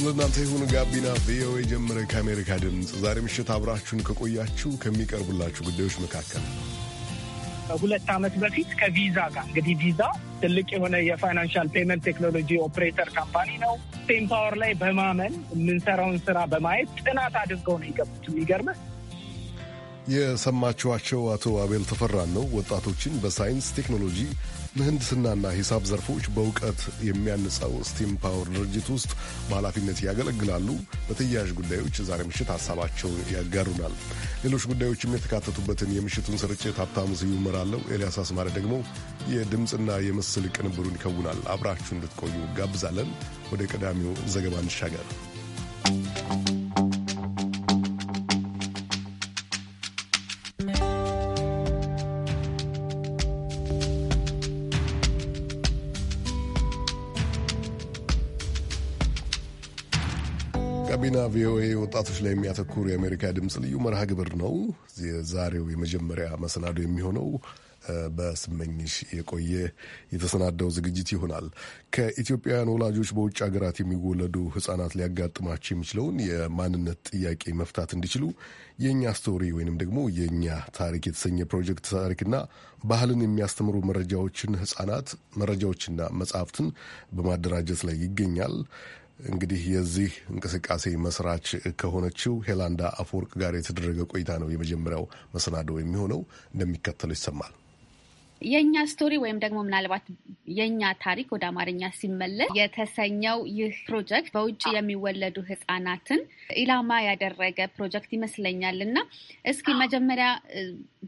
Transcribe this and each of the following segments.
ሰላም ለእናንተ ይሁን። ጋቢና ቪኦኤ ጀመረ። ከአሜሪካ ድምፅ ዛሬ ምሽት አብራችሁን ከቆያችሁ ከሚቀርቡላችሁ ጉዳዮች መካከል ሁለት ዓመት በፊት ከቪዛ ጋር እንግዲህ ቪዛ ትልቅ የሆነ የፋይናንሻል ፔመንት ቴክኖሎጂ ኦፕሬተር ካምፓኒ ነው። ፓወር ላይ በማመን የምንሰራውን ስራ በማየት ጥናት አድርገው ነው የገቡት። የሚገርምህ የሰማችኋቸው አቶ አቤል ተፈራን ነው። ወጣቶችን በሳይንስ ቴክኖሎጂ፣ ምህንድስናና ሂሳብ ዘርፎች በእውቀት የሚያንጸው ስቲም ፓወር ድርጅት ውስጥ በኃላፊነት ያገለግላሉ። በተያያዥ ጉዳዮች ዛሬ ምሽት ሀሳባቸውን ያጋሩናል። ሌሎች ጉዳዮችም የተካተቱበትን የምሽቱን ስርጭት ሀብታሙ ስዩም እመራለሁ። ኤልያስ አስማሪ ደግሞ የድምፅና የምስል ቅንብሩን ይከውናል። አብራችሁ እንድትቆዩ ጋብዛለን። ወደ ቀዳሚው ዘገባ እንሻገር። ወጣቶች ላይ የሚያተኩር የአሜሪካ ድምፅ ልዩ መርሃ ግብር ነው። የዛሬው የመጀመሪያ መሰናዶ የሚሆነው በስመኝሽ የቆየ የተሰናዳው ዝግጅት ይሆናል። ከኢትዮጵያውያን ወላጆች በውጭ ሀገራት የሚወለዱ ህጻናት ሊያጋጥማቸው የሚችለውን የማንነት ጥያቄ መፍታት እንዲችሉ የእኛ ስቶሪ ወይንም ደግሞ የእኛ ታሪክ የተሰኘ ፕሮጀክት ታሪክና ባህልን የሚያስተምሩ መረጃዎችን ህጻናት መረጃዎችና መጽሐፍትን በማደራጀት ላይ ይገኛል። እንግዲህ የዚህ እንቅስቃሴ መስራች ከሆነችው ሄላንዳ አፈወርቅ ጋር የተደረገ ቆይታ ነው የመጀመሪያው መሰናዶ የሚሆነው፣ እንደሚከተለው ይሰማል። የእኛ ስቶሪ ወይም ደግሞ ምናልባት የእኛ ታሪክ ወደ አማርኛ ሲመለስ የተሰኘው ይህ ፕሮጀክት በውጭ የሚወለዱ ህጻናትን ኢላማ ያደረገ ፕሮጀክት ይመስለኛል እና እስኪ መጀመሪያ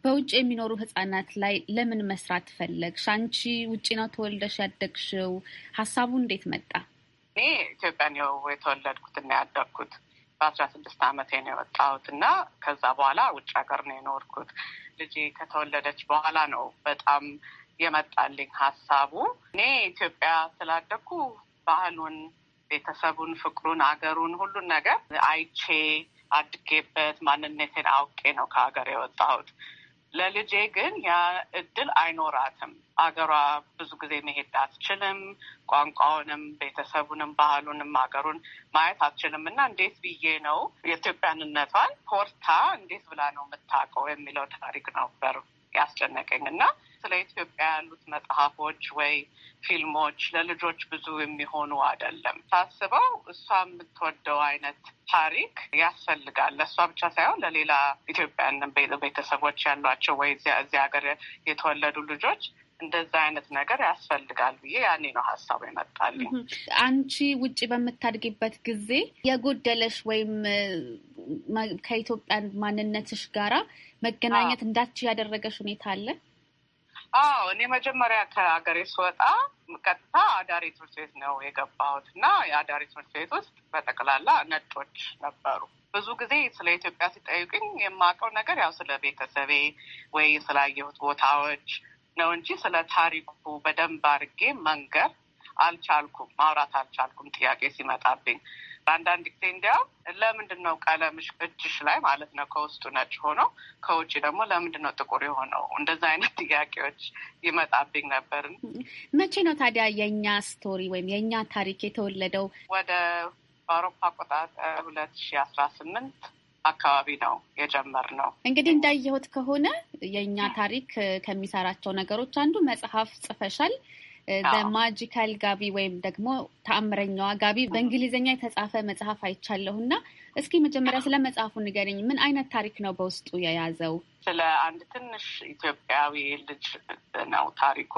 በውጭ የሚኖሩ ህጻናት ላይ ለምን መስራት ፈለግሽ? አንቺ ውጭ ነው ተወልደሽ ያደግሽው፣ ሀሳቡ እንዴት መጣ? እኔ ኢትዮጵያ ነው የተወለድኩትና ያደግኩት። በአስራ ስድስት አመቴ ነው የወጣሁት እና ከዛ በኋላ ውጭ ሀገር ነው የኖርኩት። ልጄ ከተወለደች በኋላ ነው በጣም የመጣልኝ ሀሳቡ። እኔ ኢትዮጵያ ስላደግኩ ባህሉን፣ ቤተሰቡን፣ ፍቅሩን፣ አገሩን ሁሉን ነገር አይቼ አድጌበት ማንነቴን አውቄ ነው ከሀገር የወጣሁት። ለልጄ ግን ያ እድል አይኖራትም። አገሯ ብዙ ጊዜ መሄድ አትችልም። ቋንቋውንም፣ ቤተሰቡንም፣ ባህሉንም አገሩን ማየት አትችልም እና እንዴት ብዬ ነው የኢትዮጵያንነቷን ፖርታ እንዴት ብላ ነው የምታውቀው የሚለው ታሪክ ነበር። ያስጨነቀኝ እና ስለ ኢትዮጵያ ያሉት መጽሐፎች ወይ ፊልሞች ለልጆች ብዙ የሚሆኑ አይደለም። ሳስበው እሷ የምትወደው አይነት ታሪክ ያስፈልጋል። ለእሷ ብቻ ሳይሆን ለሌላ ኢትዮጵያን ቤተሰቦች ያሏቸው ወይ እዚያ ሀገር የተወለዱ ልጆች እንደዛ አይነት ነገር ያስፈልጋል ብዬ ያኔ ነው ሀሳቡ ይመጣል። አንቺ ውጭ በምታድጊበት ጊዜ የጎደለሽ ወይም ከኢትዮጵያ ማንነትሽ ጋራ መገናኘት እንዳች ያደረገሽ ሁኔታ አለ? አዎ እኔ መጀመሪያ ከሀገሬ ስወጣ ቀጥታ አዳሪ ትምህርት ቤት ነው የገባሁት እና የአዳሪ ትምህርት ቤት ውስጥ በጠቅላላ ነጮች ነበሩ። ብዙ ጊዜ ስለ ኢትዮጵያ ሲጠይቅኝ የማውቀው ነገር ያው ስለ ቤተሰቤ ወይ ስላየሁት ቦታዎች ነው እንጂ ስለ ታሪኩ በደንብ አድርጌ መንገር አልቻልኩም፣ ማውራት አልቻልኩም ጥያቄ ሲመጣብኝ። አንዳንድ ጊዜ እንዲያው ለምንድን ነው ቀለምሽ እጅሽ ላይ ማለት ነው ከውስጡ ነጭ ሆኖ ከውጭ ደግሞ ለምንድን ነው ጥቁር የሆነው? እንደዛ አይነት ጥያቄዎች ይመጣብኝ ነበር። መቼ ነው ታዲያ የእኛ ስቶሪ ወይም የእኛ ታሪክ የተወለደው? ወደ በአውሮፓ አቆጣጠር ሁለት ሺ አስራ ስምንት አካባቢ ነው የጀመርነው። እንግዲህ እንዳየሁት ከሆነ የእኛ ታሪክ ከሚሰራቸው ነገሮች አንዱ መጽሐፍ ጽፈሻል። በማጂካል ጋቢ ወይም ደግሞ ተአምረኛዋ ጋቢ በእንግሊዝኛ የተጻፈ መጽሐፍ አይቻለሁ እና እስኪ መጀመሪያ ስለ መጽሐፉ ንገርኝ። ምን አይነት ታሪክ ነው በውስጡ የያዘው? ስለ አንድ ትንሽ ኢትዮጵያዊ ልጅ ነው ታሪኩ።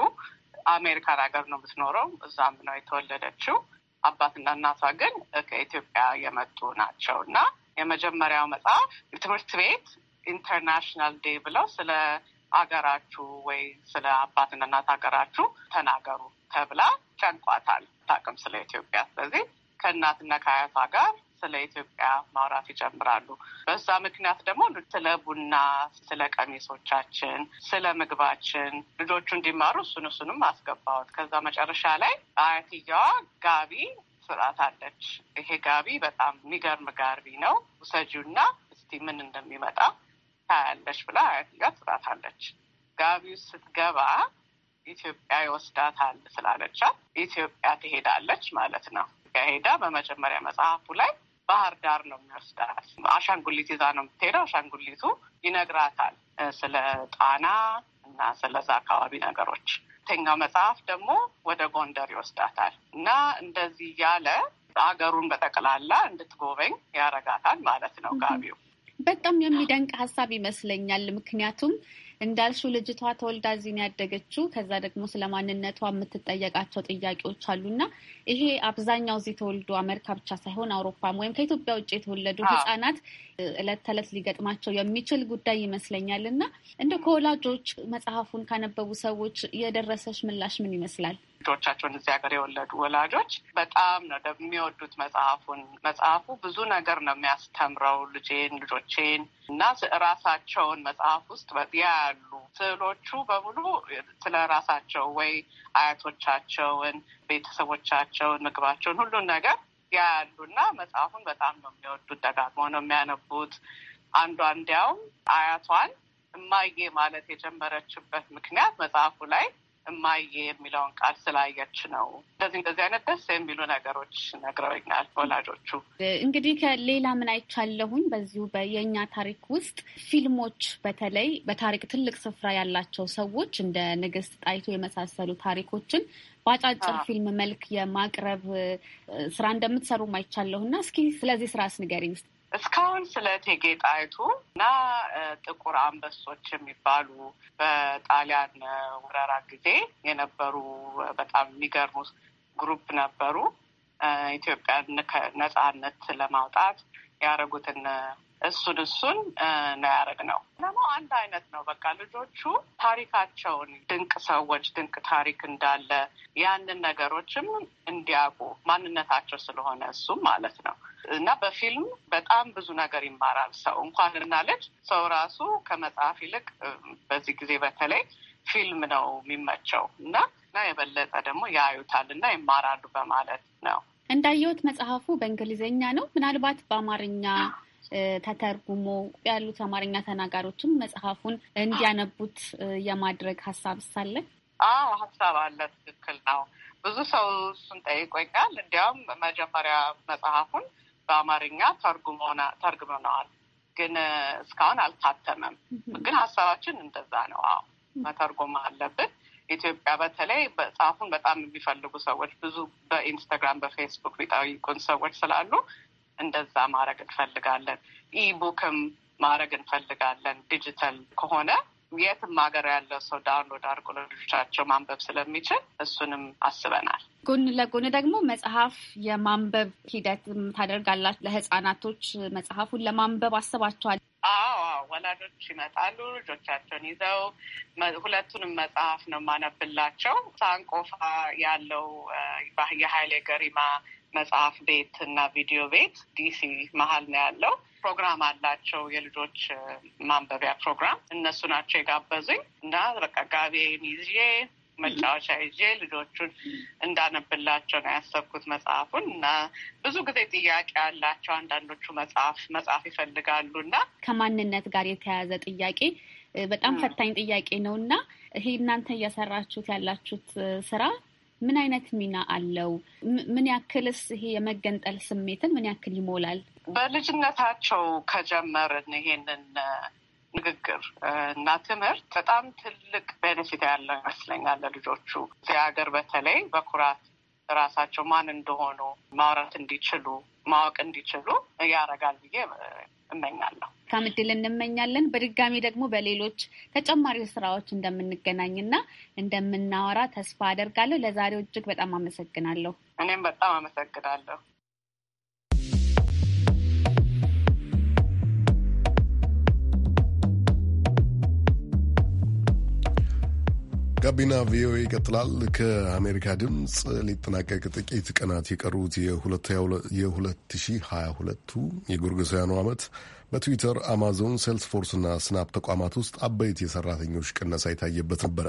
አሜሪካን ሀገር ነው የምትኖረው፣ እዛም ነው የተወለደችው። አባትና እናቷ ግን ከኢትዮጵያ የመጡ ናቸው እና የመጀመሪያው መጽሐፍ ትምህርት ቤት ኢንተርናሽናል ዴይ ብለው ስለ አገራችሁ ወይ ስለ አባትና እናት አገራችሁ ተናገሩ ተብላ ጨንቋታል። ታቅም ስለ ኢትዮጵያ። ስለዚህ ከእናትና ከአያቷ ጋር ስለ ኢትዮጵያ ማውራት ይጀምራሉ። በዛ ምክንያት ደግሞ ስለ ቡና፣ ስለ ቀሚሶቻችን፣ ስለ ምግባችን ልጆቹ እንዲማሩ እሱን እሱንም አስገባሁት። ከዛ መጨረሻ ላይ አያትየዋ ጋቢ ስርዓት አለች። ይሄ ጋቢ በጣም የሚገርም ጋቢ ነው፣ ውሰጂውና እስቲ ምን እንደሚመጣ ታያለች ብላ አያት ጋር ትላታለች። ጋቢው ስትገባ ኢትዮጵያ ይወስዳታል ስላለቻት ኢትዮጵያ ትሄዳለች ማለት ነው። ሄዳ በመጀመሪያ መጽሐፉ ላይ ባህር ዳር ነው የሚወስዳት። አሻንጉሊት ይዛ ነው የምትሄደው። አሻንጉሊቱ ይነግራታል ስለ ጣና እና ስለዛ አካባቢ ነገሮች። ሁለተኛው መጽሐፍ ደግሞ ወደ ጎንደር ይወስዳታል እና እንደዚህ ያለ አገሩን በጠቅላላ እንድትጎበኝ ያረጋታል ማለት ነው ጋቢው። በጣም የሚደንቅ ሀሳብ ይመስለኛል። ምክንያቱም እንዳልሹ ልጅቷ ተወልዳ እዚህ ነው ያደገችው። ከዛ ደግሞ ስለ ማንነቷ የምትጠየቃቸው ጥያቄዎች አሉና ይሄ አብዛኛው እዚህ ተወልዶ አሜሪካ ብቻ ሳይሆን አውሮፓም ወይም ከኢትዮጵያ ውጭ የተወለዱ ህጻናት እለት ተዕለት ሊገጥማቸው የሚችል ጉዳይ ይመስለኛል እና እንደ ከወላጆች መጽሐፉን ካነበቡ ሰዎች የደረሰች ምላሽ ምን ይመስላል? ልጆቻቸውን እዚህ ሀገር የወለዱ ወላጆች በጣም ነው የሚወዱት መጽሐፉን። መጽሐፉ ብዙ ነገር ነው የሚያስተምረው ልጄን፣ ልጆቼን እና ራሳቸውን መጽሐፍ ውስጥ ያሉ ስዕሎቹ በሙሉ ስለ ራሳቸው ወይ አያቶቻቸውን፣ ቤተሰቦቻቸውን፣ ምግባቸውን ሁሉን ነገር ያሉ እና መጽሐፉን በጣም ነው የሚወዱት። ደጋግሞ ነው የሚያነቡት። አንዷ እንዲያውም አያቷን እማዬ ማለት የጀመረችበት ምክንያት መጽሐፉ ላይ እማዬ የሚለውን ቃል ስላየች ነው። እንደዚህ እንደዚህ አይነት ደስ የሚሉ ነገሮች ነግረውኛል ወላጆቹ። እንግዲህ ከሌላ ምን አይቻለሁኝ በዚሁ የእኛ ታሪክ ውስጥ ፊልሞች በተለይ በታሪክ ትልቅ ስፍራ ያላቸው ሰዎች እንደ ንግስት ጣይቶ የመሳሰሉ ታሪኮችን በአጫጭር ፊልም መልክ የማቅረብ ስራ እንደምትሰሩ አይቻለሁ እና እስኪ ስለዚህ ስራ ስንገሪ ውስጥ እስካሁን ስለ እቴጌ ጣይቱ እና ጥቁር አንበሶች የሚባሉ በጣሊያን ወረራ ጊዜ የነበሩ በጣም የሚገርሙ ግሩፕ ነበሩ። ኢትዮጵያን ነጻነት ለማውጣት ያደረጉትን እሱን እሱን ነው ነው። ደግሞ አንድ አይነት ነው። በቃ ልጆቹ ታሪካቸውን ድንቅ ሰዎች፣ ድንቅ ታሪክ እንዳለ ያንን ነገሮችም እንዲያውቁ ማንነታቸው ስለሆነ እሱም ማለት ነው እና በፊልም በጣም ብዙ ነገር ይማራል ሰው እንኳን እና ልጅ ሰው ራሱ ከመጽሐፍ ይልቅ በዚህ ጊዜ በተለይ ፊልም ነው የሚመቸው እና እና የበለጠ ደግሞ ያዩታል እና ይማራሉ በማለት ነው። እንዳየሁት መጽሐፉ በእንግሊዝኛ ነው። ምናልባት በአማርኛ ተተርጉሞ ያሉት አማርኛ ተናጋሪዎችም መጽሐፉን እንዲያነቡት የማድረግ ሀሳብ ሳለ? አዎ ሀሳብ አለ። ትክክል ነው። ብዙ ሰው ጠይቆኛል እንዲያውም መጀመሪያ መጽሐፉን በአማርኛ ተርጉመነዋል፣ ግን እስካሁን አልታተመም። ግን ሀሳባችን እንደዛ ነው። አዎ መተርጎም አለብን። ኢትዮጵያ በተለይ መጽሐፉን በጣም የሚፈልጉ ሰዎች ብዙ በኢንስታግራም በፌስቡክ የሚጠይቁን ሰዎች ስላሉ እንደዛ ማድረግ እንፈልጋለን። ኢቡክም ማድረግ እንፈልጋለን ዲጂታል ከሆነ የትም ሀገር ያለው ሰው ዳውንሎድ አድርጎ ለልጆቻቸው ማንበብ ስለሚችል እሱንም አስበናል። ጎን ለጎን ደግሞ መጽሐፍ የማንበብ ሂደት ታደርጋላችሁ። ለህፃናቶች መጽሐፉን ለማንበብ አስባችኋል? አዎ ወላጆች ይመጣሉ ልጆቻቸውን ይዘው። ሁለቱንም መጽሐፍ ነው የማነብላቸው። ሳንቆፋ ያለው የሀይሌ ገሪማ መጽሐፍ ቤት እና ቪዲዮ ቤት ዲሲ መሀል ነው ያለው። ፕሮግራም አላቸው፣ የልጆች ማንበቢያ ፕሮግራም። እነሱ ናቸው የጋበዙኝ እና በቃ ጋቤን ይዤ መጫወቻ ይዤ ልጆቹን እንዳነብላቸው ነው ያሰብኩት መጽሐፉን። እና ብዙ ጊዜ ጥያቄ ያላቸው አንዳንዶቹ መጽሐፍ መጽሐፍ ይፈልጋሉ እና ከማንነት ጋር የተያያዘ ጥያቄ በጣም ፈታኝ ጥያቄ ነው እና ይሄ እናንተ እያሰራችሁት ያላችሁት ስራ ምን አይነት ሚና አለው? ምን ያክልስ ይሄ የመገንጠል ስሜትን ምን ያክል ይሞላል? በልጅነታቸው ከጀመርን ይሄንን ንግግር እና ትምህርት በጣም ትልቅ ቤኔፊት ያለው ይመስለኛል ለልጆቹ እዚህ ሀገር በተለይ በኩራት ራሳቸው ማን እንደሆኑ ማውራት እንዲችሉ ማወቅ እንዲችሉ ያደርጋል ብዬ እመኛለሁ። መልካም እድል እንመኛለን። በድጋሚ ደግሞ በሌሎች ተጨማሪ ስራዎች እንደምንገናኝና እንደምናወራ ተስፋ አደርጋለሁ። ለዛሬው እጅግ በጣም አመሰግናለሁ። እኔም በጣም አመሰግናለሁ። ጋቢና ቪኦኤ ይቀጥላል። ከአሜሪካ ድምፅ ሊጠናቀቅ ጥቂት ቀናት የቀሩት የ2022ቱ የጎርጎሳውያኑ ዓመት በትዊተር፣ አማዞን፣ ሴልስፎርስና ስናፕ ተቋማት ውስጥ አበይት የሰራተኞች ቅነሳ የታየበት ነበረ።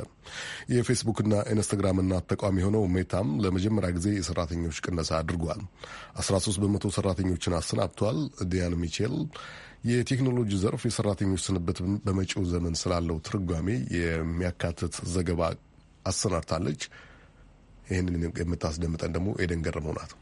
የፌስቡክና ኢንስታግራም እናት ተቋም የሆነው ሜታም ለመጀመሪያ ጊዜ የሰራተኞች ቅነሳ አድርጓል። 13 በመቶ ሰራተኞችን አሰናብቷል። ዲያን ሚቼል የቴክኖሎጂ ዘርፍ የሰራተኞች ስንብት በመጪው ዘመን ስላለው ትርጓሜ የሚያካትት ዘገባ አሰናድታለች። ይህንን የምታስደምጠን ደግሞ ኤደን ገረመው ናት።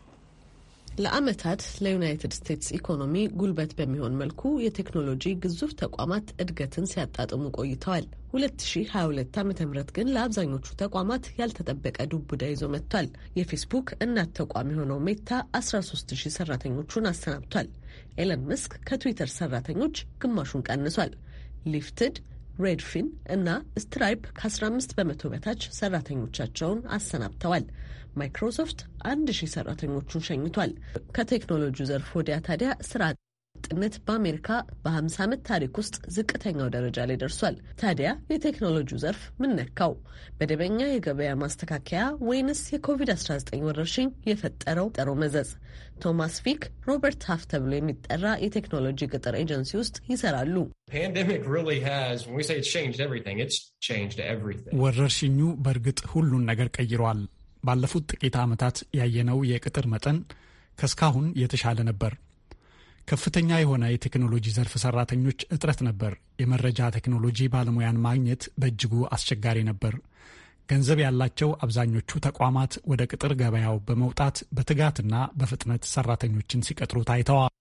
ለዓመታት ለዩናይትድ ስቴትስ ኢኮኖሚ ጉልበት በሚሆን መልኩ የቴክኖሎጂ ግዙፍ ተቋማት እድገትን ሲያጣጥሙ ቆይተዋል። 2022 ዓ ም ግን ለአብዛኞቹ ተቋማት ያልተጠበቀ ዱቡዳ ይዞ መጥቷል። የፌስቡክ እናት ተቋም የሆነው ሜታ 130 ሰራተኞቹን አሰናብቷል። ኤለን መስክ ከትዊተር ሰራተኞች ግማሹን ቀንሷል። ሊፍትድ ሬድፊን እና ስትራይፕ ከ15 በመቶ በታች ሰራተኞቻቸውን አሰናብተዋል። ማይክሮሶፍት አንድ ሺህ ሰራተኞቹን ሸኝቷል። ከቴክኖሎጂው ዘርፍ ወዲያ ታዲያ ስራ ጥነት በአሜሪካ በ50 ዓመት ታሪክ ውስጥ ዝቅተኛው ደረጃ ላይ ደርሷል። ታዲያ የቴክኖሎጂው ዘርፍ ምን ነካው? መደበኛ የገበያ ማስተካከያ ወይንስ የኮቪድ-19 ወረርሽኝ የፈጠረው ጠሮ መዘዝ? ቶማስ ፊክ ሮበርት ሀፍ ተብሎ የሚጠራ የቴክኖሎጂ ቅጥር ኤጀንሲ ውስጥ ይሰራሉ። ወረርሽኙ በእርግጥ ሁሉን ነገር ቀይሯል። ባለፉት ጥቂት ዓመታት ያየነው የቅጥር መጠን ከእስካሁን የተሻለ ነበር። ከፍተኛ የሆነ የቴክኖሎጂ ዘርፍ ሰራተኞች እጥረት ነበር። የመረጃ ቴክኖሎጂ ባለሙያን ማግኘት በእጅጉ አስቸጋሪ ነበር። ገንዘብ ያላቸው አብዛኞቹ ተቋማት ወደ ቅጥር ገበያው በመውጣት በትጋትና በፍጥነት ሰራተኞችን ሲቀጥሩ ታይተዋል።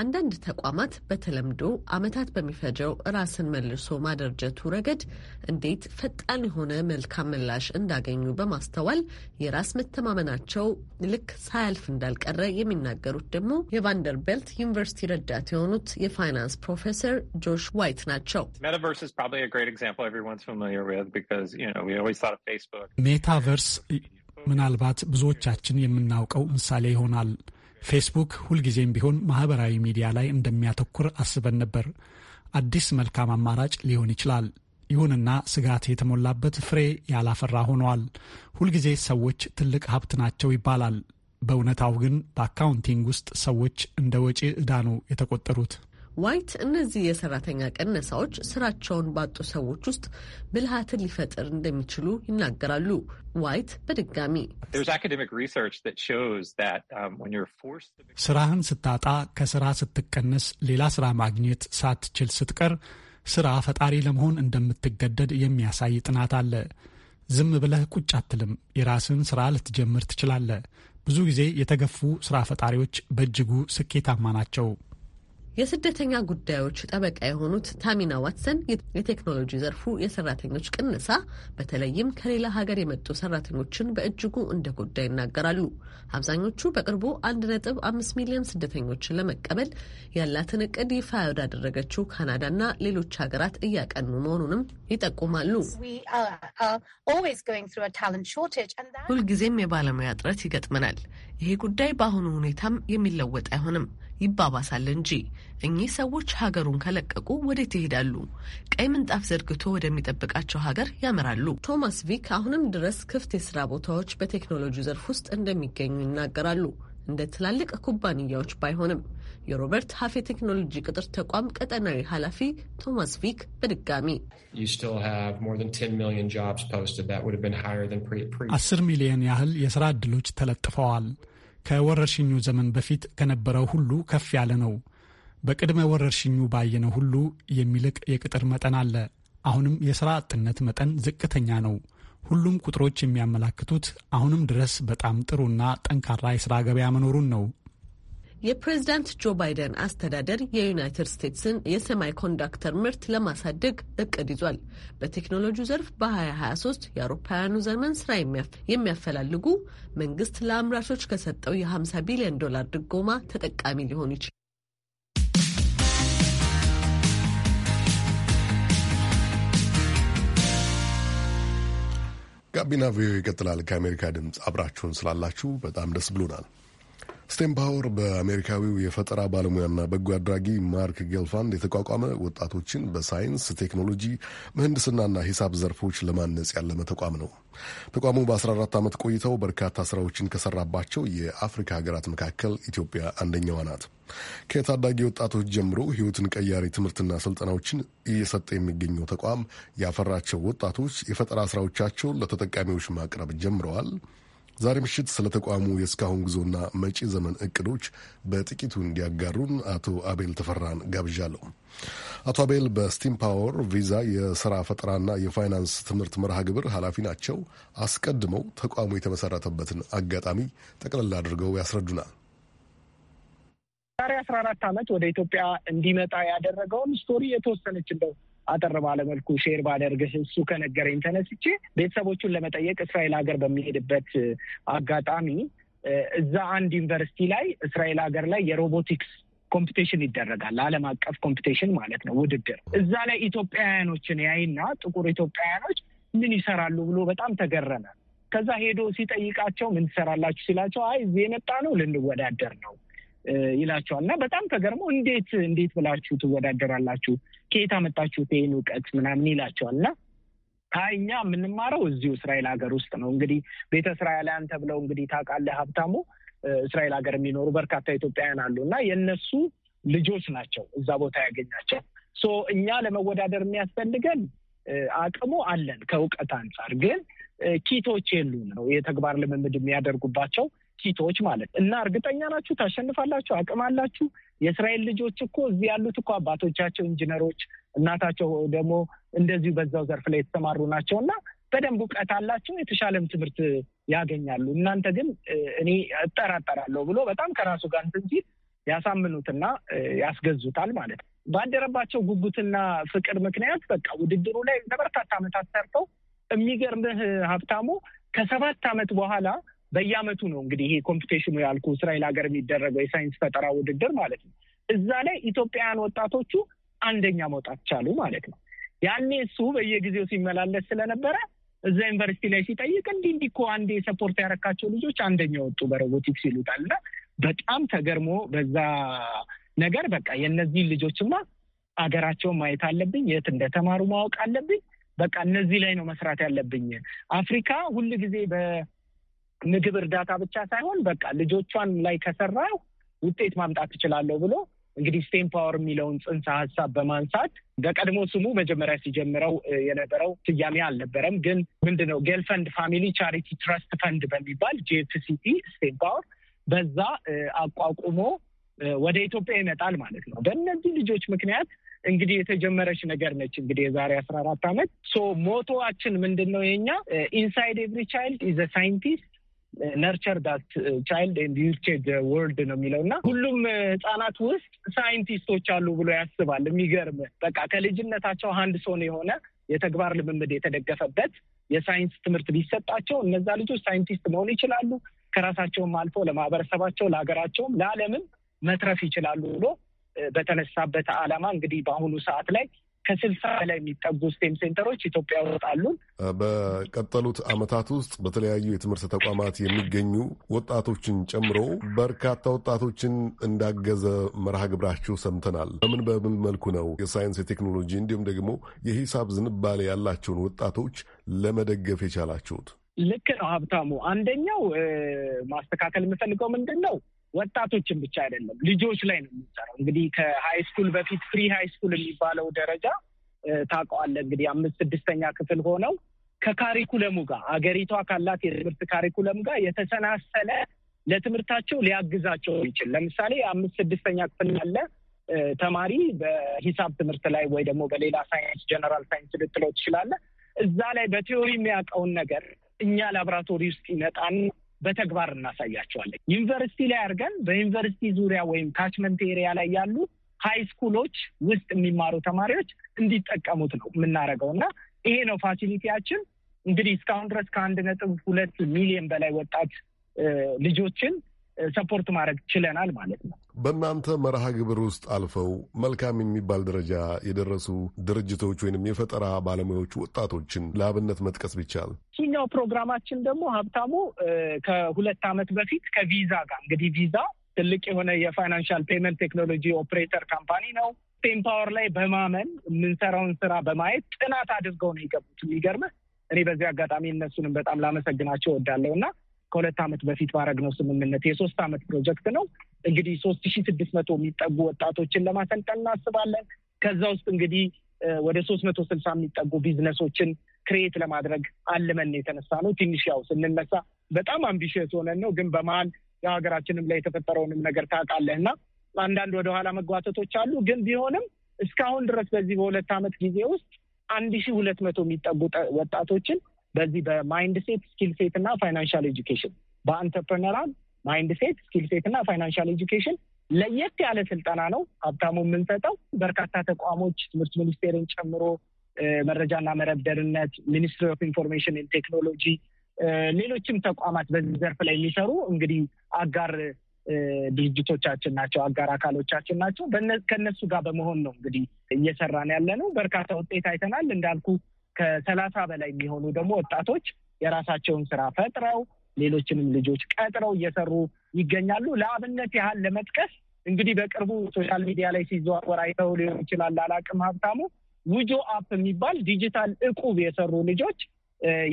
አንዳንድ ተቋማት በተለምዶ ዓመታት በሚፈጀው ራስን መልሶ ማደርጀቱ ረገድ እንዴት ፈጣን የሆነ መልካም ምላሽ እንዳገኙ በማስተዋል የራስ መተማመናቸው ልክ ሳያልፍ እንዳልቀረ የሚናገሩት ደግሞ የቫንደርቤልት ዩኒቨርሲቲ ረዳት የሆኑት የፋይናንስ ፕሮፌሰር ጆሽ ዋይት ናቸው። ሜታቨርስ ምናልባት ብዙዎቻችን የምናውቀው ምሳሌ ይሆናል። ፌስቡክ ሁልጊዜም ቢሆን ማህበራዊ ሚዲያ ላይ እንደሚያተኩር አስበን ነበር። አዲስ መልካም አማራጭ ሊሆን ይችላል። ይሁንና ስጋት የተሞላበት ፍሬ ያላፈራ ሆኗል። ሁልጊዜ ሰዎች ትልቅ ሀብት ናቸው ይባላል። በእውነታው ግን በአካውንቲንግ ውስጥ ሰዎች እንደ ወጪ ዕዳ ነው የተቆጠሩት። ዋይት እነዚህ የሰራተኛ ቀነሳዎች ስራቸውን ባጡ ሰዎች ውስጥ ብልሃትን ሊፈጥር እንደሚችሉ ይናገራሉ። ዋይት በድጋሚ um, ስራህን ስታጣ፣ ከስራ ስትቀነስ፣ ሌላ ስራ ማግኘት ሳትችል ስትቀር ስራ ፈጣሪ ለመሆን እንደምትገደድ የሚያሳይ ጥናት አለ። ዝም ብለህ ቁጭ አትልም። የራስን ስራ ልትጀምር ትችላለህ። ብዙ ጊዜ የተገፉ ስራ ፈጣሪዎች በእጅጉ ስኬታማ ናቸው። የስደተኛ ጉዳዮች ጠበቃ የሆኑት ታሚና ዋትሰን የቴክኖሎጂ ዘርፉ የሰራተኞች ቅነሳ በተለይም ከሌላ ሀገር የመጡ ሰራተኞችን በእጅጉ እንደጎዳ ይናገራሉ። አብዛኞቹ በቅርቡ አንድ ነጥብ አምስት ሚሊዮን ስደተኞችን ለመቀበል ያላትን እቅድ ይፋ ወዳደረገችው ካናዳና ሌሎች ሀገራት እያቀኑ መሆኑንም ይጠቁማሉ። uh, ሁልጊዜም የባለሙያ እጥረት ይገጥመናል። ይሄ ጉዳይ በአሁኑ ሁኔታም የሚለወጥ አይሆንም፣ ይባባሳል እንጂ። እኚህ ሰዎች ሀገሩን ከለቀቁ ወዴት ይሄዳሉ? ቀይ ምንጣፍ ዘርግቶ ወደሚጠብቃቸው ሀገር ያመራሉ። ቶማስ ቪክ አሁንም ድረስ ክፍት የስራ ቦታዎች በቴክኖሎጂ ዘርፍ ውስጥ እንደሚገኙ ይናገራሉ። እንደ ትላልቅ ኩባንያዎች ባይሆንም የሮበርት ሀፍ የቴክኖሎጂ ቅጥር ተቋም ቀጠናዊ ኃላፊ ቶማስ ቪክ በድጋሚ አስር ሚሊዮን ያህል የስራ ዕድሎች ተለጥፈዋል። ከወረርሽኙ ዘመን በፊት ከነበረው ሁሉ ከፍ ያለ ነው። በቅድመ ወረርሽኙ ባየነው ሁሉ የሚልቅ የቅጥር መጠን አለ። አሁንም የሥራ አጥነት መጠን ዝቅተኛ ነው። ሁሉም ቁጥሮች የሚያመላክቱት አሁንም ድረስ በጣም ጥሩና ጠንካራ የሥራ ገበያ መኖሩን ነው። የፕሬዝዳንት ጆ ባይደን አስተዳደር የዩናይትድ ስቴትስን የሰማይ ኮንዳክተር ምርት ለማሳደግ እቅድ ይዟል። በቴክኖሎጂው ዘርፍ በ2023 የአውሮፓውያኑ ዘመን ስራ የሚያፈላልጉ መንግስት ለአምራቾች ከሰጠው የ50 ቢሊዮን ዶላር ድጎማ ተጠቃሚ ሊሆን ይችላል። ጋቢና ቪኦኤ ይቀጥላል። ከአሜሪካ ድምፅ አብራችሁን ስላላችሁ በጣም ደስ ብሎናል። ስቴምፓወር በአሜሪካዊው የፈጠራ ባለሙያና በጎ አድራጊ ማርክ ጌልፋንድ የተቋቋመ ወጣቶችን በሳይንስ፣ ቴክኖሎጂ፣ ምህንድስናና ሂሳብ ዘርፎች ለማነጽ ያለመ ተቋም ነው። ተቋሙ በ14 ዓመት ቆይተው በርካታ ስራዎችን ከሰራባቸው የአፍሪካ ሀገራት መካከል ኢትዮጵያ አንደኛዋ ናት። ከታዳጊ ወጣቶች ጀምሮ ህይወትን ቀያሪ ትምህርትና ስልጠናዎችን እየሰጠ የሚገኘው ተቋም ያፈራቸው ወጣቶች የፈጠራ ስራዎቻቸውን ለተጠቃሚዎች ማቅረብ ጀምረዋል። ዛሬ ምሽት ስለ ተቋሙ የእስካሁን ጉዞና መጪ ዘመን እቅዶች በጥቂቱ እንዲያጋሩን አቶ አቤል ተፈራን ጋብዣለሁ። አቶ አቤል በስቲም ፓወር ቪዛ የስራ ፈጠራና የፋይናንስ ትምህርት መርሃ ግብር ኃላፊ ናቸው። አስቀድመው ተቋሙ የተመሰረተበትን አጋጣሚ ጠቅለል አድርገው ያስረዱናል። ዛሬ አስራ አራት ዓመት ወደ ኢትዮጵያ እንዲመጣ ያደረገውን ስቶሪ የተወሰነች እንደው አጠር ባለመልኩ ሼር ባደርግህ እሱ ከነገረኝ ተነስቼ ቤተሰቦቹን ለመጠየቅ እስራኤል ሀገር በሚሄድበት አጋጣሚ እዛ አንድ ዩኒቨርሲቲ ላይ እስራኤል ሀገር ላይ የሮቦቲክስ ኮምፒቴሽን ይደረጋል። ዓለም አቀፍ ኮምፒቴሽን ማለት ነው፣ ውድድር። እዛ ላይ ኢትዮጵያውያኖችን ያይና ጥቁር ኢትዮጵያውያኖች ምን ይሰራሉ ብሎ በጣም ተገረመ። ከዛ ሄዶ ሲጠይቃቸው ምን ትሰራላችሁ ሲላቸው አይ እዚህ የመጣ ነው ልንወዳደር ነው ይላቸዋል። እና በጣም ተገርሞ እንዴት እንዴት ብላችሁ ትወዳደራላችሁ? ከየት አመጣችሁ ይህን እውቀት ምናምን ይላቸዋል። እና አይ እኛ የምንማረው እዚሁ እስራኤል ሀገር ውስጥ ነው። እንግዲህ ቤተ እስራኤላውያን ተብለው እንግዲህ ታውቃለህ ሀብታሙ፣ እስራኤል ሀገር የሚኖሩ በርካታ ኢትዮጵያውያን አሉ እና የእነሱ ልጆች ናቸው እዛ ቦታ ያገኛቸው። ሶ እኛ ለመወዳደር የሚያስፈልገን አቅሙ አለን ከእውቀት አንጻር ግን ኪቶች የሉ ነው የተግባር ልምምድ የሚያደርጉባቸው ቺቶች ማለት እና እርግጠኛ ናችሁ ታሸንፋላችሁ፣ አቅም አላችሁ። የእስራኤል ልጆች እኮ እዚህ ያሉት እኮ አባቶቻቸው ኢንጂነሮች፣ እናታቸው ደግሞ እንደዚሁ በዛው ዘርፍ ላይ የተሰማሩ ናቸው እና በደንብ እውቀት አላቸው። የተሻለም ትምህርት ያገኛሉ። እናንተ ግን እኔ እጠራጠራለሁ ብሎ በጣም ከራሱ ጋር እንትን ሲል ያሳምኑትና ያስገዙታል ማለት ነው። ባደረባቸው ጉጉትና ፍቅር ምክንያት በቃ ውድድሩ ላይ ለበርካታ ዓመታት ሰርተው የሚገርምህ ሀብታሙ ከሰባት ዓመት በኋላ በየአመቱ ነው እንግዲህ ይሄ ኮምፒቴሽኑ ያልኩ እስራኤል ሀገር የሚደረገው የሳይንስ ፈጠራ ውድድር ማለት ነው። እዛ ላይ ኢትዮጵያውያን ወጣቶቹ አንደኛ መውጣት ቻሉ ማለት ነው። ያኔ እሱ በየጊዜው ሲመላለስ ስለነበረ እዛ ዩኒቨርሲቲ ላይ ሲጠይቅ እንዲህ እንዲህ እኮ አንዴ ሰፖርት ያረካቸው ልጆች አንደኛ ወጡ በሮቦቲክስ ይሉታል እና በጣም ተገርሞ በዛ ነገር በቃ የእነዚህን ልጆችማ አገራቸውን ማየት አለብኝ፣ የት እንደተማሩ ማወቅ አለብኝ። በቃ እነዚህ ላይ ነው መስራት ያለብኝ። አፍሪካ ሁል ጊዜ ምግብ እርዳታ ብቻ ሳይሆን በቃ ልጆቿን ላይ ከሰራ ውጤት ማምጣት ትችላለሁ ብሎ እንግዲህ ስቴም ፓወር የሚለውን ጽንሰ ሀሳብ በማንሳት በቀድሞ ስሙ መጀመሪያ ሲጀምረው የነበረው ስያሜ አልነበረም። ግን ምንድነው ጌልፈንድ ፋሚሊ ቻሪቲ ትረስት ፈንድ በሚባል ጄፍሲቲ ስቴም ፓወር በዛ አቋቁሞ ወደ ኢትዮጵያ ይመጣል ማለት ነው። በእነዚህ ልጆች ምክንያት እንግዲህ የተጀመረች ነገር ነች። እንግዲህ የዛሬ አስራ አራት አመት ሶ ሞቶዋችን ምንድን ነው የኛ ኢንሳይድ ኤቭሪ ቻይልድ ኢዝ ሳይንቲስት ነርቸር ዳት ቻይልድ ኤንድ ዩቼድ ወርልድ ነው የሚለው እና ሁሉም uh, ህጻናት ውስጥ ሳይንቲስቶች አሉ ብሎ ያስባል። የሚገርም በቃ ከልጅነታቸው አንድ ሰው ነው የሆነ የተግባር ልምምድ የተደገፈበት የሳይንስ ትምህርት ቢሰጣቸው እነዛ ልጆች ሳይንቲስት መሆን ይችላሉ። ከራሳቸውም አልፎ ለማህበረሰባቸው፣ ለሀገራቸውም፣ ለዓለምም መትረፍ ይችላሉ ብሎ uh, በተነሳበት ዓላማ እንግዲህ በአሁኑ ሰዓት ላይ ከስልሳ በላይ የሚጠጉ ስቴም ሴንተሮች ኢትዮጵያ ውስጥ በቀጠሉት ዓመታት ውስጥ በተለያዩ የትምህርት ተቋማት የሚገኙ ወጣቶችን ጨምሮ በርካታ ወጣቶችን እንዳገዘ መርሃ ግብራችሁ ሰምተናል። በምን በምን መልኩ ነው የሳይንስ የቴክኖሎጂ እንዲሁም ደግሞ የሂሳብ ዝንባሌ ያላቸውን ወጣቶች ለመደገፍ የቻላችሁት? ልክ ነው ሀብታሙ። አንደኛው ማስተካከል የምፈልገው ምንድን ነው ወጣቶችን ብቻ አይደለም ልጆች ላይ ነው የሚሰራው። እንግዲህ ከሀይ ስኩል በፊት ፍሪ ሀይ ስኩል የሚባለው ደረጃ ታውቀዋለህ። እንግዲህ አምስት ስድስተኛ ክፍል ሆነው ከካሪኩለሙ ጋር አገሪቷ ካላት የትምህርት ካሪኩለም ጋር የተሰናሰለ ለትምህርታቸው ሊያግዛቸው ይችል። ለምሳሌ አምስት ስድስተኛ ክፍል ያለ ተማሪ በሂሳብ ትምህርት ላይ ወይ ደግሞ በሌላ ሳይንስ ጀነራል ሳይንስ ልትለው ትችላለህ። እዛ ላይ በቴዎሪ የሚያውቀውን ነገር እኛ ላብራቶሪ ውስጥ ይመጣና በተግባር እናሳያቸዋለን። ዩኒቨርሲቲ ላይ አድርገን በዩኒቨርሲቲ ዙሪያ ወይም ካችመንት ኤሪያ ላይ ያሉ ሀይ ስኩሎች ውስጥ የሚማሩ ተማሪዎች እንዲጠቀሙት ነው የምናደርገው እና ይሄ ነው ፋሲሊቲያችን። እንግዲህ እስካሁን ድረስ ከአንድ ነጥብ ሁለት ሚሊዮን በላይ ወጣት ልጆችን ሰፖርት ማድረግ ችለናል ማለት ነው። በእናንተ መርሃ ግብር ውስጥ አልፈው መልካም የሚባል ደረጃ የደረሱ ድርጅቶች ወይንም የፈጠራ ባለሙያዎች ወጣቶችን ለአብነት መጥቀስ ቢቻል፣ ይህኛው ፕሮግራማችን ደግሞ ሀብታሙ ከሁለት ዓመት በፊት ከቪዛ ጋር እንግዲህ ቪዛ ትልቅ የሆነ የፋይናንሻል ፔመንት ቴክኖሎጂ ኦፕሬተር ካምፓኒ ነው። ፓወር ላይ በማመን የምንሰራውን ስራ በማየት ጥናት አድርገው ነው የገቡት። የሚገርምህ እኔ በዚህ አጋጣሚ እነሱንም በጣም ላመሰግናቸው እወዳለሁ እና ከሁለት ዓመት በፊት ባረግነው ስምምነት የሶስት ዓመት ፕሮጀክት ነው። እንግዲህ ሶስት ሺ ስድስት መቶ የሚጠጉ ወጣቶችን ለማሰልጠን እናስባለን። ከዛ ውስጥ እንግዲህ ወደ ሶስት መቶ ስልሳ የሚጠጉ ቢዝነሶችን ክሬት ለማድረግ አልመን የተነሳ ነው። ትንሽ ያው ስንነሳ በጣም አምቢሽየስ ሆነን ነው፣ ግን በመሀል የሀገራችንም ላይ የተፈጠረውንም ነገር ታውቃለህ እና አንዳንድ ወደኋላ መጓተቶች አሉ። ግን ቢሆንም እስካሁን ድረስ በዚህ በሁለት ዓመት ጊዜ ውስጥ አንድ ሺ ሁለት መቶ የሚጠጉ ወጣቶችን በዚህ በማይንድ ሴት ስኪል ሴት እና ፋይናንሻል ኤጁኬሽን በአንተርፕረነራል ማይንድ ሴት ስኪል ሴት እና ፋይናንሻል ኤጁኬሽን ለየት ያለ ስልጠና ነው ሀብታሙ የምንሰጠው። በርካታ ተቋሞች ትምህርት ሚኒስቴርን ጨምሮ መረጃና መረብ ደህንነት፣ ሚኒስትሪ ኦፍ ኢንፎርሜሽን ቴክኖሎጂ፣ ሌሎችም ተቋማት በዚህ ዘርፍ ላይ የሚሰሩ እንግዲህ አጋር ድርጅቶቻችን ናቸው፣ አጋር አካሎቻችን ናቸው። ከእነሱ ጋር በመሆን ነው እንግዲህ እየሰራን ያለ ነው። በርካታ ውጤት አይተናል እንዳልኩ ከሰላሳ በላይ የሚሆኑ ደግሞ ወጣቶች የራሳቸውን ስራ ፈጥረው ሌሎችንም ልጆች ቀጥረው እየሰሩ ይገኛሉ። ለአብነት ያህል ለመጥቀስ እንግዲህ በቅርቡ ሶሻል ሚዲያ ላይ ሲዘዋወር አይተው ሊሆን ይችላል፣ አላቅም ሀብታሙ። ውጆ አፕ የሚባል ዲጂታል እቁብ የሰሩ ልጆች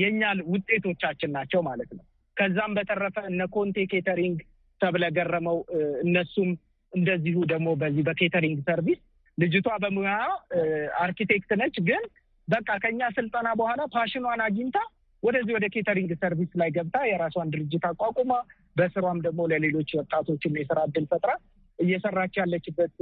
የኛ ውጤቶቻችን ናቸው ማለት ነው። ከዛም በተረፈ እነ ኮንቴ ኬተሪንግ ገረመው እነሱም እንደዚሁ ደግሞ በዚህ በኬተሪንግ ሰርቪስ ልጅቷ በሙያ አርኪቴክት ነች፣ ግን በቃ ከኛ ስልጠና በኋላ ፓሽኗን አግኝታ ወደዚህ ወደ ኬተሪንግ ሰርቪስ ላይ ገብታ የራሷን ድርጅት አቋቁማ በስሯም ደግሞ ለሌሎች ወጣቶችም የስራ እድል ፈጥራ እየሰራች ያለችበት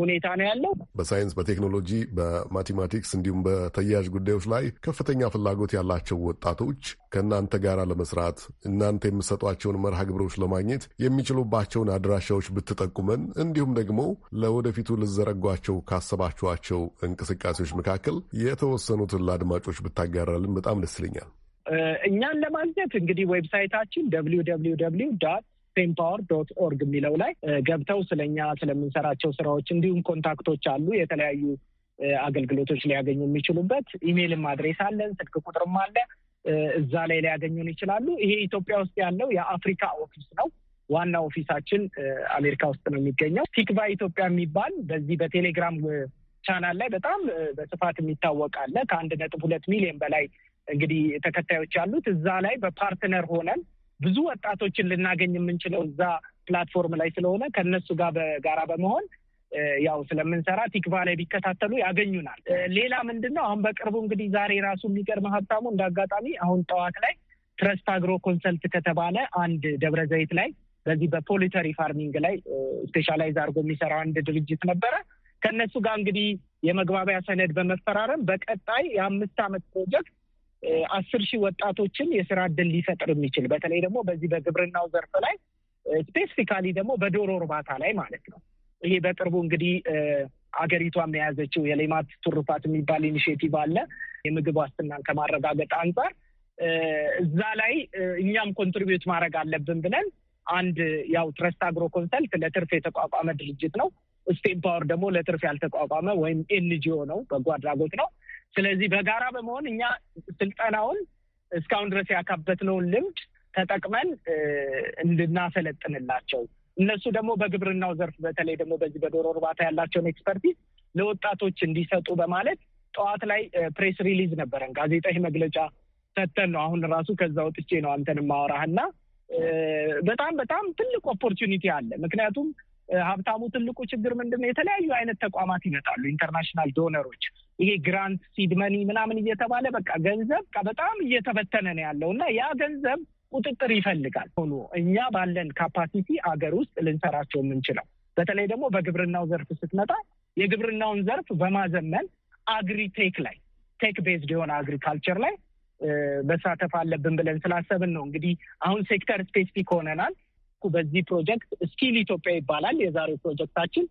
ሁኔታ ነው ያለው። በሳይንስ በቴክኖሎጂ፣ በማቴማቲክስ እንዲሁም በተያያዥ ጉዳዮች ላይ ከፍተኛ ፍላጎት ያላቸው ወጣቶች ከእናንተ ጋር ለመስራት እናንተ የምትሰጧቸውን መርሃ ግብሮች ለማግኘት የሚችሉባቸውን አድራሻዎች ብትጠቁመን፣ እንዲሁም ደግሞ ለወደፊቱ ልዘረጓቸው ካሰባችኋቸው እንቅስቃሴዎች መካከል የተወሰኑትን ለአድማጮች ብታጋራልን በጣም ደስ ይለኛል። እኛን ለማግኘት እንግዲህ ዌብሳይታችን ደብሊው ደብሊው ደብሊው ዳት ሴምፓወር ዶት ኦርግ የሚለው ላይ ገብተው ስለኛ ስለምንሰራቸው ስራዎች እንዲሁም ኮንታክቶች አሉ የተለያዩ አገልግሎቶች ሊያገኙ የሚችሉበት ኢሜይልም አድሬስ አለን፣ ስልክ ቁጥርም አለ። እዛ ላይ ሊያገኙን ይችላሉ። ይሄ ኢትዮጵያ ውስጥ ያለው የአፍሪካ ኦፊስ ነው። ዋና ኦፊሳችን አሜሪካ ውስጥ ነው የሚገኘው። ቲክቫ ኢትዮጵያ የሚባል በዚህ በቴሌግራም ቻናል ላይ በጣም በስፋት የሚታወቅ አለ። ከአንድ ነጥብ ሁለት ሚሊዮን በላይ እንግዲህ ተከታዮች ያሉት እዛ ላይ በፓርትነር ሆነን ብዙ ወጣቶችን ልናገኝ የምንችለው እዛ ፕላትፎርም ላይ ስለሆነ ከነሱ ጋር በጋራ በመሆን ያው ስለምንሰራ ቲክቫ ላይ ቢከታተሉ ያገኙናል። ሌላ ምንድን ነው አሁን በቅርቡ እንግዲህ ዛሬ ራሱ የሚገርም ሀብታሙ እንደ አጋጣሚ አሁን ጠዋት ላይ ትረስት አግሮ ኮንሰልት ከተባለ አንድ ደብረ ዘይት ላይ በዚህ በፖሊተሪ ፋርሚንግ ላይ ስፔሻላይዝ አድርጎ የሚሰራው አንድ ድርጅት ነበረ። ከእነሱ ጋር እንግዲህ የመግባቢያ ሰነድ በመፈራረም በቀጣይ የአምስት ዓመት ፕሮጀክት አስር ሺህ ወጣቶችን የስራ እድል ሊፈጥር የሚችል በተለይ ደግሞ በዚህ በግብርናው ዘርፍ ላይ ስፔሲፊካሊ ደግሞ በዶሮ እርባታ ላይ ማለት ነው። ይሄ በቅርቡ እንግዲህ አገሪቷም የያዘችው የሌማት ትሩፋት የሚባል ኢኒሽቲቭ አለ። የምግብ ዋስትናን ከማረጋገጥ አንጻር እዛ ላይ እኛም ኮንትሪቢዩት ማድረግ አለብን ብለን አንድ ያው ትረስት አግሮ ኮንሰልት ለትርፍ የተቋቋመ ድርጅት ነው። ስቴም ፓወር ደግሞ ለትርፍ ያልተቋቋመ ወይም ኤንጂኦ ነው፣ በጎ አድራጎት ነው። ስለዚህ በጋራ በመሆን እኛ ስልጠናውን እስካሁን ድረስ ያካበትነውን ልምድ ተጠቅመን እንድናሰለጥንላቸው እነሱ ደግሞ በግብርናው ዘርፍ በተለይ ደግሞ በዚህ በዶሮ እርባታ ያላቸውን ኤክስፐርቲዝ ለወጣቶች እንዲሰጡ በማለት ጠዋት ላይ ፕሬስ ሪሊዝ ነበረን። ጋዜጣዊ መግለጫ ሰተን ነው አሁን ራሱ ከዛ ወጥቼ ነው አንተን ማወራህና በጣም በጣም ትልቅ ኦፖርቹኒቲ አለ። ምክንያቱም ሀብታሙ ትልቁ ችግር ምንድን ነው? የተለያዩ አይነት ተቋማት ይመጣሉ። ኢንተርናሽናል ዶነሮች ይሄ ግራንት ሲድመኒ ምናምን እየተባለ በቃ ገንዘብ በጣም እየተበተነ ነው ያለው እና ያ ገንዘብ ቁጥጥር ይፈልጋል። ሆኖ እኛ ባለን ካፓሲቲ አገር ውስጥ ልንሰራቸው የምንችለው በተለይ ደግሞ በግብርናው ዘርፍ ስትመጣ የግብርናውን ዘርፍ በማዘመን አግሪቴክ ላይ ቴክ ቤዝድ የሆነ አግሪካልቸር ላይ መሳተፍ አለብን ብለን ስላሰብን ነው እንግዲህ አሁን ሴክተር ስፔሲፊክ ሆነናል። በዚህ ፕሮጀክት ስኪል ኢትዮጵያ ይባላል የዛሬው ፕሮጀክታችን።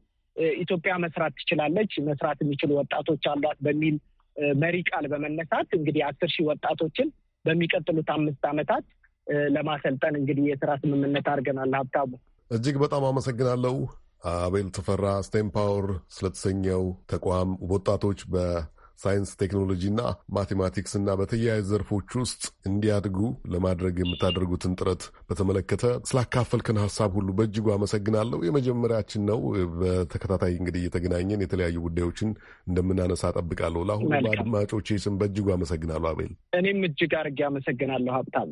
ኢትዮጵያ መስራት ትችላለች፣ መስራት የሚችሉ ወጣቶች አሏት በሚል መሪ ቃል በመነሳት እንግዲህ አስር ሺህ ወጣቶችን በሚቀጥሉት አምስት ዓመታት ለማሰልጠን እንግዲህ የስራ ስምምነት አድርገናል። ሀብታሙ እጅግ በጣም አመሰግናለሁ። አቤል ተፈራ ስቴም ፓወር ስለተሰኘው ተቋም ወጣቶች ሳይንስ፣ ቴክኖሎጂና ማቴማቲክስና በተያያዥ ዘርፎች ውስጥ እንዲያድጉ ለማድረግ የምታደርጉትን ጥረት በተመለከተ ስላካፈልክን ሀሳብ ሁሉ በእጅጉ አመሰግናለሁ። የመጀመሪያችን ነው። በተከታታይ እንግዲህ እየተገናኘን የተለያዩ ጉዳዮችን እንደምናነሳ ጠብቃለሁ። ለአሁኑ አድማጮች ስም በእጅጉ አመሰግናለሁ አቤል። እኔም እጅግ አድርጌ አመሰግናለሁ ሀብታም።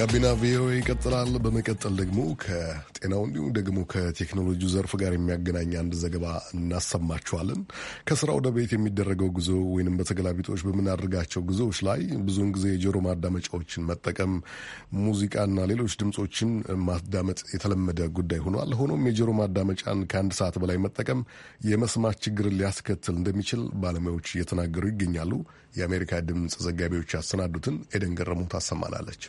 ጋቢና ቪኦኤ ይቀጥላል። በመቀጠል ደግሞ ከጤናው እንዲሁም ደግሞ ከቴክኖሎጂ ዘርፍ ጋር የሚያገናኝ አንድ ዘገባ እናሰማችኋለን። ከስራ ወደ ቤት የሚደረገው ጉዞ ወይንም በተገላቢጦች በምናደርጋቸው ጉዞዎች ላይ ብዙውን ጊዜ የጆሮ ማዳመጫዎችን መጠቀም፣ ሙዚቃና ሌሎች ድምፆችን ማዳመጥ የተለመደ ጉዳይ ሆኗል። ሆኖም የጆሮ ማዳመጫን ከአንድ ሰዓት በላይ መጠቀም የመስማት ችግርን ሊያስከትል እንደሚችል ባለሙያዎች እየተናገሩ ይገኛሉ። የአሜሪካ ድምፅ ዘጋቢዎች ያሰናዱትን ኤደን ገረሙ ታሰማናለች።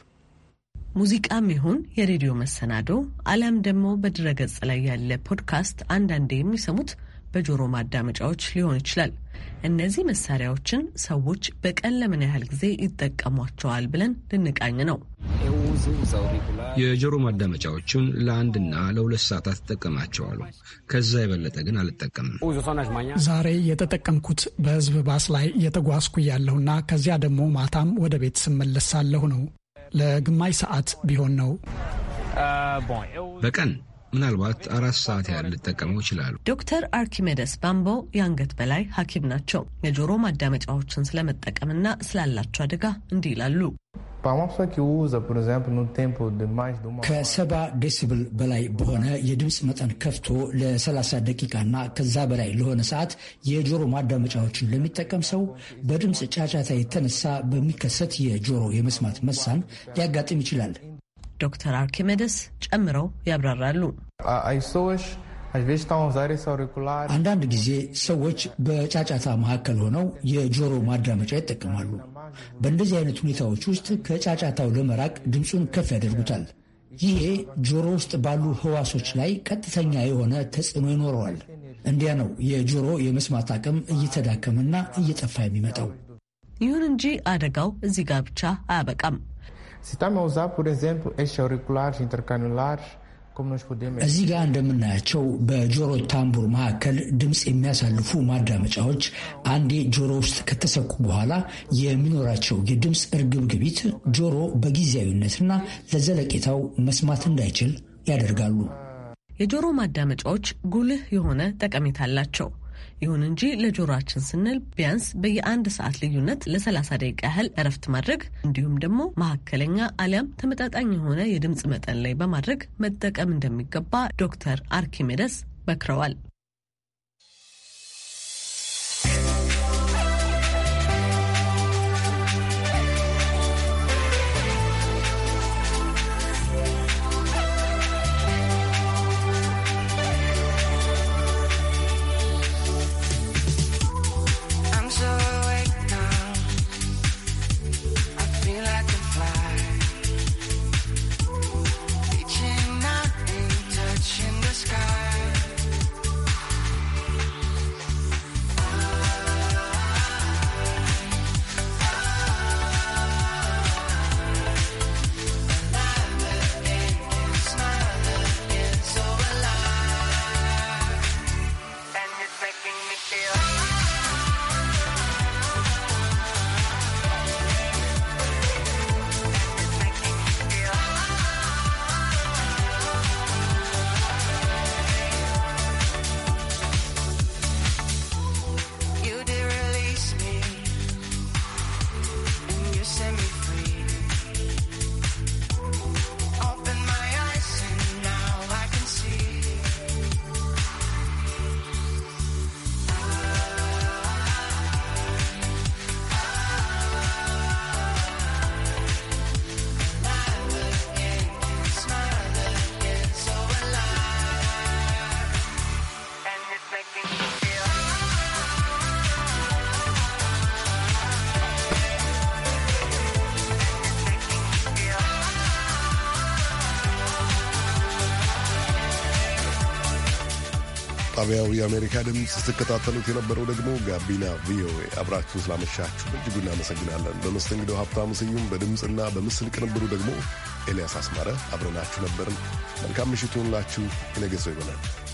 ሙዚቃም ይሁን የሬዲዮ መሰናዶ አሊያም ደግሞ በድረገጽ ላይ ያለ ፖድካስት አንዳንዴ የሚሰሙት በጆሮ ማዳመጫዎች ሊሆን ይችላል። እነዚህ መሳሪያዎችን ሰዎች በቀን ለምን ያህል ጊዜ ይጠቀሟቸዋል ብለን ልንቃኝ ነው። የጆሮ ማዳመጫዎቹን ለአንድና ለሁለት ሰዓታት ይጠቀማቸዋሉ። ከዛ የበለጠ ግን አልጠቀምም። ዛሬ የተጠቀምኩት በህዝብ ባስ ላይ እየተጓዝኩ ያለሁና ከዚያ ደግሞ ማታም ወደ ቤት ስመለሳለሁ ነው። ለግማሽ ሰዓት ቢሆን ነው። በቀን ምናልባት አራት ሰዓት ያህል ልጠቀመው ይችላሉ። ዶክተር አርኪሜደስ ባምቦ የአንገት በላይ ሐኪም ናቸው። የጆሮ ማዳመጫዎችን ስለመጠቀምና ስላላቸው አደጋ እንዲህ ይላሉ። ከሰባ ዴሲብል በላይ በሆነ የድምፅ መጠን ከፍቶ ለ30 ደቂቃና ከዛ በላይ ለሆነ ሰዓት የጆሮ ማዳመጫዎችን ለሚጠቀም ሰው በድምፅ ጫጫታ የተነሳ በሚከሰት የጆሮ የመስማት መሳን ሊያጋጥም ይችላል። ዶክተር አርኪሜደስ ጨምረው ያብራራሉ። አንዳንድ ጊዜ ሰዎች በጫጫታ መካከል ሆነው የጆሮ ማዳመጫ ይጠቀማሉ። በእንደዚህ አይነት ሁኔታዎች ውስጥ ከጫጫታው ለመራቅ ድምፁን ከፍ ያደርጉታል። ይሄ ጆሮ ውስጥ ባሉ ህዋሶች ላይ ቀጥተኛ የሆነ ተጽዕኖ ይኖረዋል። እንዲያ ነው የጆሮ የመስማት አቅም እየተዳከመና እየጠፋ የሚመጣው። ይሁን እንጂ አደጋው እዚህ ጋር ብቻ አያበቃም። ሲታም ውዛ ፖር ኤግዛምፕል ኤሽ አውሪኩላር ኢንተርካኑላር እዚህ ጋር እንደምናያቸው በጆሮ ታምቡር መካከል ድምፅ የሚያሳልፉ ማዳመጫዎች አንዴ ጆሮ ውስጥ ከተሰኩ በኋላ የሚኖራቸው የድምፅ እርግብግቢት ጆሮ በጊዜያዊነትና ለዘለቄታው መስማት እንዳይችል ያደርጋሉ። የጆሮ ማዳመጫዎች ጉልህ የሆነ ጠቀሜታ አላቸው። ይሁን እንጂ ለጆሮችን ስንል ቢያንስ በየአንድ ሰዓት ልዩነት ለ30 ደቂቃ ያህል እረፍት ማድረግ እንዲሁም ደግሞ መካከለኛ አሊያም ተመጣጣኝ የሆነ የድምፅ መጠን ላይ በማድረግ መጠቀም እንደሚገባ ዶክተር አርኪሜደስ መክረዋል። ጣቢያው የአሜሪካ ድምፅ ስትከታተሉት የነበረው ደግሞ ጋቢና ቪኦኤ። አብራችሁ ስላመሻችሁ በእጅጉ እናመሰግናለን። በመስተንግዶ ሀብታሙ ስዩም፣ በድምፅና በምስል ቅንብሩ ደግሞ ኤልያስ አስማረ አብረናችሁ ነበርን። መልካም ምሽት ይሁንላችሁ። የነገ ሰው ይበላል።